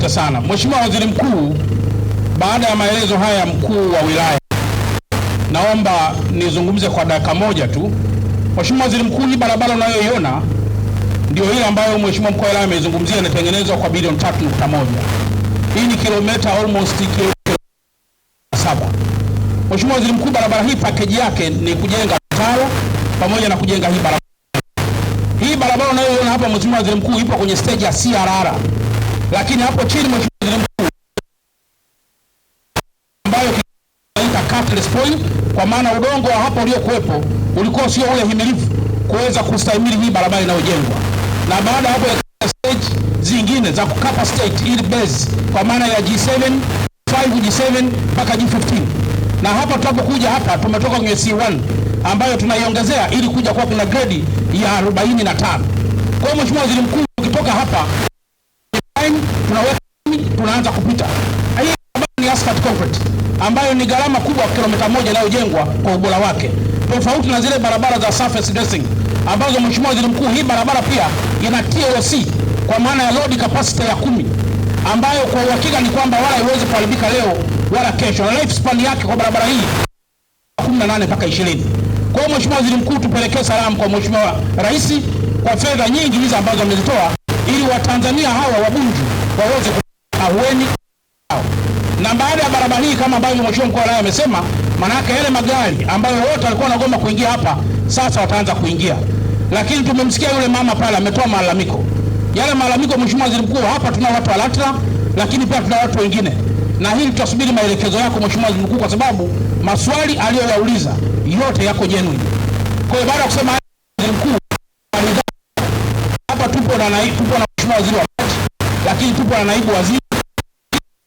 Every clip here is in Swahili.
hata sana. Mheshimiwa Waziri Mkuu, baada ya maelezo haya mkuu wa wilaya, naomba nizungumze kwa dakika moja tu. Mheshimiwa Waziri Mkuu, hii barabara unayoiona ndio ile ambayo Mheshimiwa mkuu wa wilaya ameizungumzia, inatengenezwa kwa bilioni tatu moja Hii ni kilomita almost saba. Mheshimiwa Waziri Mkuu, barabara hii pakeji yake ni kujenga mtaro pamoja na kujenga hii barabara. Hii barabara unayoiona hapa Mheshimiwa Waziri Mkuu ipo kwenye stage ya CRR lakini hapo chini mheshimiwa ambayo inaita catless point, kwa maana udongo wa hapo uliokuwepo ulikuwa sio ule himilivu kuweza kustahimili hii barabara inayojengwa, na baada hapo ya stage zingine za kukapa state ili base, kwa maana ya G7 5 G7 mpaka G15, na hapa tunapokuja hapa tumetoka kwenye C1 ambayo tunaiongezea ili kuja kuwa kuna grade ya 45. Kwa hiyo mheshimiwa waziri mkuu, ukitoka hapa lami, tunaweka tunaanza kupita. hii ni asphalt concrete ambayo ni gharama kubwa kilomita moja inayojengwa kwa ubora wake, tofauti na zile barabara za surface dressing ambazo Mheshimiwa Waziri Mkuu, hii barabara pia ina TLC kwa maana ya load capacity ya kumi ambayo kwa uhakika ni kwamba wala haiwezi kuharibika leo wala kesho, na span yake kwa barabara hii 18 mpaka 20. Kwa hiyo Mheshimiwa Waziri Mkuu, tupelekee salamu kwa Mheshimiwa Rais kwa fedha nyingi hizi ambazo amezitoa ili Watanzania hawa wabunju waweze ahueni Na baada ya barabara hii kama ambavyo mheshimiwa mkuu wa wilaya amesema, maanake yale magari ambayo wote walikuwa wanagoma kuingia hapa sasa wataanza kuingia, lakini tumemsikia yule mama pale ametoa malalamiko yale malalamiko. Mheshimiwa Waziri Mkuu, hapa tuna watu wa LATRA lakini pia tuna watu wengine, na hili tutasubiri maelekezo yako Mheshimiwa Waziri Mkuu, kwa sababu maswali aliyoyauliza yote yako genuine. Kwa hiyo baada ya kusema Waziri Mkuu tupo na mheshimiwa waziri wa maji, lakini tupo na naibu waziri,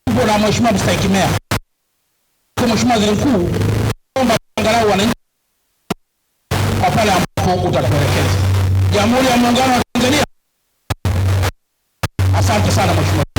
tupo na mheshimiwa mstahiki meya. Mheshimiwa Waziri Mkuu, omba angalau wananchi kwa pale ambapo utatuelekeza Jamhuri ya Muungano wa Tanzania. Asante sana mheshimiwa.